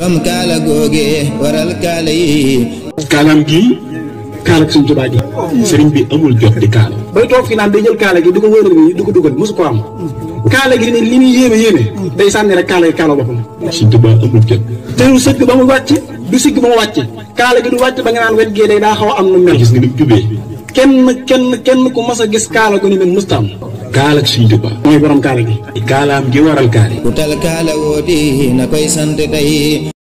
moom kaala googee waral kaala yi. kaalaam gii kaala ak suñ tubaab gi. sëriñ bi amul jot di kaala. bay toog fi naan day jël kaala gi du ko wëral nii di ko dugal mosu ko am. kaala gi ne li muy yéeme yéeme. day sànni rek kaala gi kaala boppam. suñ tubaab amul jot. ba mu wàcc du sigg ba mu wàcc. kaala gi du wàcc ba nga naan wet gee day daa xaw am nu mel. gis nga ni mu jubee. kenn kenn kenn ku mas a gis kaala gu ni mel mustaam kaala ak Sëriñ Tuubaa mooy borom kaala gi kaalaam gi waral kaala ku tal kaala woo di na koy sant tey